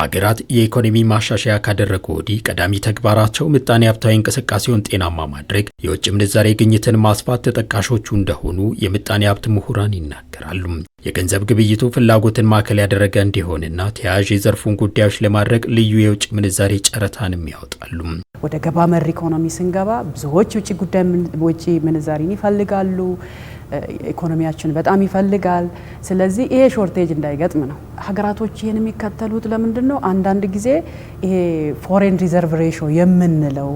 ሀገራት የኢኮኖሚ ማሻሻያ ካደረጉ ወዲህ ቀዳሚ ተግባራቸው ምጣኔ ሀብታዊ እንቅስቃሴውን ጤናማ ማድረግ የውጭ ምንዛሬ ግኝትን ማስፋት ተጠቃሾቹ እንደሆኑ የምጣኔ ሀብት ምሁራን ይናገራሉ። የገንዘብ ግብይቱ ፍላጎትን ማዕከል ያደረገ እንዲሆንና ተያያዥ የዘርፉን ጉዳዮች ለማድረግ ልዩ የውጭ ምንዛሬ ጨረታንም ያወጣሉ። ወደ ገባ መር ኢኮኖሚ ስንገባ ብዙዎች ውጭ ጉዳይ ውጭ ምንዛሪን ይፈልጋሉ። ኢኮኖሚያችን በጣም ይፈልጋል። ስለዚህ ይሄ ሾርቴጅ እንዳይገጥም ነው። ሀገራቶች ይህን የሚከተሉት ለምንድን ነው? አንዳንድ ጊዜ ይሄ ፎሬን ሪዘርቭ ሬሾ የምንለው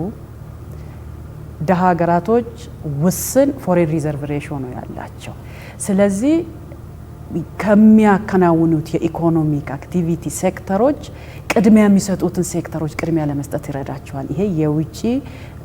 ደሃ ሀገራቶች ውስን ፎሬን ሪዘርቭ ሬሾ ነው ያላቸው። ስለዚህ ከሚያከናውኑት የኢኮኖሚክ አክቲቪቲ ሴክተሮች ቅድሚያ የሚሰጡትን ሴክተሮች ቅድሚያ ለመስጠት ይረዳቸዋል። ይሄ የውጭ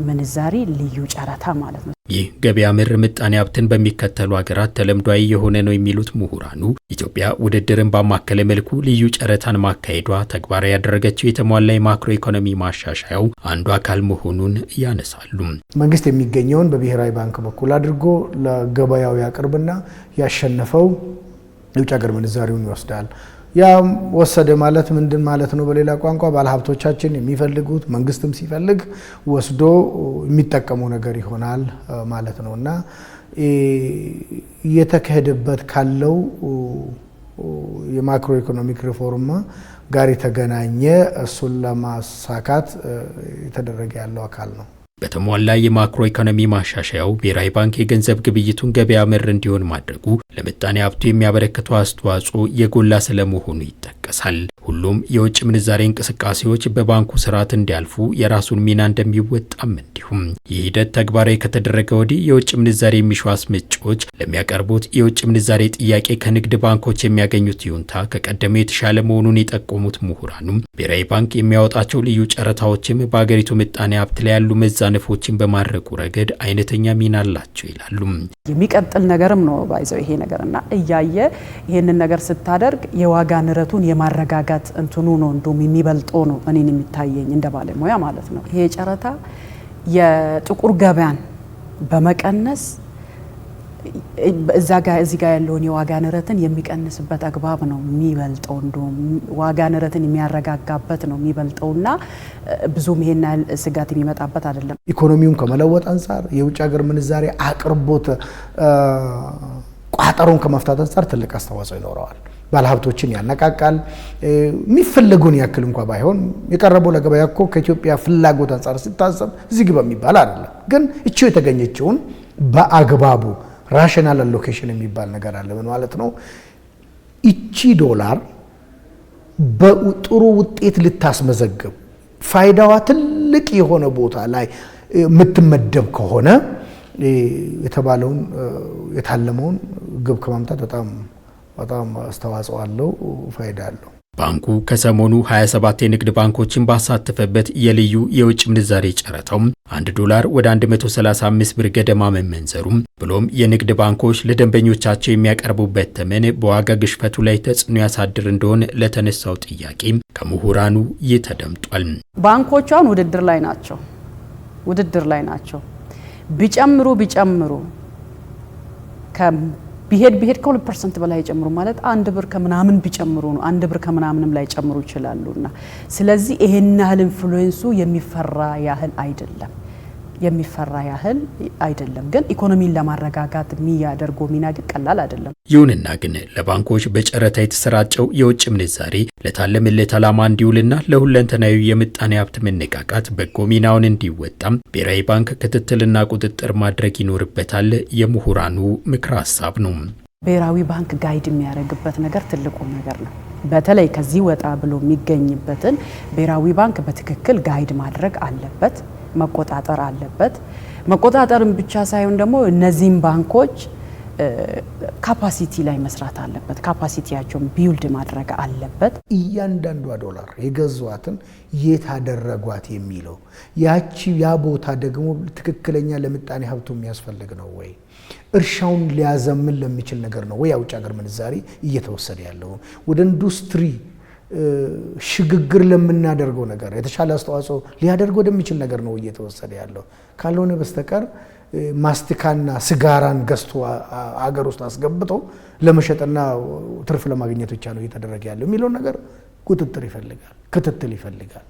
ምንዛሪ ልዩ ጨረታ ማለት ነው። ይህ ገበያ መር ምጣኔ ሀብትን በሚከተሉ ሀገራት ተለምዷዊ የሆነ ነው የሚሉት ምሁራኑ ኢትዮጵያ ውድድርን ባማከለ መልኩ ልዩ ጨረታን ማካሄዷ ተግባራዊ ያደረገችው የተሟላ የማክሮ ኢኮኖሚ ማሻሻያው አንዱ አካል መሆኑን ያነሳሉ። መንግስት የሚገኘውን በብሔራዊ ባንክ በኩል አድርጎ ለገበያው ያቅርብና ያሸነፈው የውጭ ሀገር ምንዛሪውን ይወስዳል። ያ ወሰደ ማለት ምንድን ማለት ነው? በሌላ ቋንቋ ባለሀብቶቻችን የሚፈልጉት መንግስትም ሲፈልግ ወስዶ የሚጠቀሙ ነገር ይሆናል ማለት ነው እና እየተካሄደበት ካለው የማክሮ ኢኮኖሚክ ሪፎርም ጋር የተገናኘ እሱን ለማሳካት የተደረገ ያለው አካል ነው። በተሟላ የማክሮ ኢኮኖሚ ማሻሻያው ብሔራዊ ባንክ የገንዘብ ግብይቱን ገበያ መር እንዲሆን ማድረጉ ለምጣኔ ሀብቱ የሚያበረክተው አስተዋጽኦ የጎላ ስለመሆኑ ይጠቀሳል። ይጠቀሳል። ሁሉም የውጭ ምንዛሬ እንቅስቃሴዎች በባንኩ ስርዓት እንዲያልፉ የራሱን ሚና እንደሚወጣም እንዲሁም ይህ ሂደት ተግባራዊ ከተደረገ ወዲህ የውጭ ምንዛሬ የሚሹ አስመጪዎች ለሚያቀርቡት የውጭ ምንዛሬ ጥያቄ ከንግድ ባንኮች የሚያገኙት ይሁንታ ከቀደመው የተሻለ መሆኑን የጠቆሙት ምሁራኑም ብሔራዊ ባንክ የሚያወጣቸው ልዩ ጨረታዎችም በሀገሪቱ ምጣኔ ሀብት ላይ ያሉ መዛነፎችን በማድረጉ ረገድ አይነተኛ ሚና አላቸው ይላሉ። የሚቀጥል ነገርም ነው ባይዘው ይሄ ነገርና እያየ ይህንን ነገር ስታደርግ የዋጋ ንረቱን የማረጋጋት እንትኑ ነው እንደውም የሚበልጦ ነው እኔን የሚታየኝ እንደ ባለሙያ ማለት ነው። ይሄ ጨረታ የጥቁር ገበያን በመቀነስ እዛ ጋ እዚህ ጋ ያለውን የዋጋ ንረትን የሚቀንስበት አግባብ ነው የሚበልጠው። እንደውም ዋጋ ንረትን የሚያረጋጋበት ነው የሚበልጠውና ብዙም ይሄን ያህል ስጋት የሚመጣበት አይደለም። ኢኮኖሚውን ከመለወጥ አንጻር የውጭ ሀገር ምንዛሬ አቅርቦት ቋጠሮን ከመፍታት አንጻር ትልቅ አስተዋጽኦ ይኖረዋል። ባለሀብቶችን ያነቃቃል። የሚፈለገውን ያክል እንኳ ባይሆን የቀረበው ለገበያ እኮ ከኢትዮጵያ ፍላጎት አንጻር ሲታሰብ እዚህ ግባ የሚባል አይደለም። ግን እቺው የተገኘችውን በአግባቡ ራሽናል አሎኬሽን የሚባል ነገር አለ። ምን ማለት ነው? እቺ ዶላር በጥሩ ውጤት ልታስመዘግብ ፋይዳዋ ትልቅ የሆነ ቦታ ላይ የምትመደብ ከሆነ የተባለውን የታለመውን ግብ ከማምጣት በጣም በጣም አስተዋጽኦ አለው፣ ፋይዳ አለው። ባንኩ ከሰሞኑ 27 የንግድ ባንኮችን ባሳተፈበት የልዩ የውጭ ምንዛሬ ጨረታው 1 ዶላር ወደ 135 ብር ገደማ መመንዘሩም ብሎም የንግድ ባንኮች ለደንበኞቻቸው የሚያቀርቡበት ተመን በዋጋ ግሽፈቱ ላይ ተጽዕኖ ያሳድር እንደሆነ ለተነሳው ጥያቄ ከምሁራኑ ይህ ተደምጧል። ባንኮቹ አሁን ውድድር ላይ ናቸው፣ ውድድር ላይ ናቸው። ቢጨምሩ ቢጨምሩ ቢሄድ ቢሄድ ከሁለት ፐርሰንት በላይ ይጨምሩ ማለት አንድ ብር ከምናምን ቢጨምሩ ነው። አንድ ብር ከምናምንም ላይ ጨምሩ ይችላሉና ስለዚህ ይሄን ያህል ኢንፍሉዌንሱ የሚፈራ ያህል አይደለም። የሚፈራ ያህል አይደለም። ግን ኢኮኖሚን ለማረጋጋት የሚያደርገው ሚና ግን ቀላል አይደለም። ይሁንና ግን ለባንኮች በጨረታ የተሰራጨው የውጭ ምንዛሬ ለታለመለት ዓላማ እንዲውልና ለሁለንተናዊ የምጣኔ ሀብት መነቃቃት በጎ ሚናውን እንዲወጣም ብሔራዊ ባንክ ክትትልና ቁጥጥር ማድረግ ይኖርበታል የምሁራኑ ምክረ ሀሳብ ነው። ብሔራዊ ባንክ ጋይድ የሚያደርግበት ነገር ትልቁ ነገር ነው። በተለይ ከዚህ ወጣ ብሎ የሚገኝበትን ብሔራዊ ባንክ በትክክል ጋይድ ማድረግ አለበት። መቆጣጠር አለበት። መቆጣጠርን ብቻ ሳይሆን ደግሞ እነዚህም ባንኮች ካፓሲቲ ላይ መስራት አለበት። ካፓሲቲያቸውን ቢውልድ ማድረግ አለበት። እያንዳንዷ ዶላር የገዟትን የት አደረጓት የሚለው ያቺ ያ ቦታ ደግሞ ትክክለኛ ለምጣኔ ሀብቱ የሚያስፈልግ ነው ወይ እርሻውን ሊያዘምን ለሚችል ነገር ነው ወይ? የውጭ ሀገር ምንዛሬ እየተወሰደ ያለው ወደ ኢንዱስትሪ ሽግግር ለምናደርገው ነገር የተሻለ አስተዋጽኦ ሊያደርግ ወደሚችል ነገር ነው እየተወሰደ ያለው። ካልሆነ በስተቀር ማስቲካና ስጋራን ገዝቶ አገር ውስጥ አስገብቶ ለመሸጥና ትርፍ ለማግኘት ብቻ ነው እየተደረገ ያለው የሚለውን ነገር ቁጥጥር ይፈልጋል፣ ክትትል ይፈልጋል።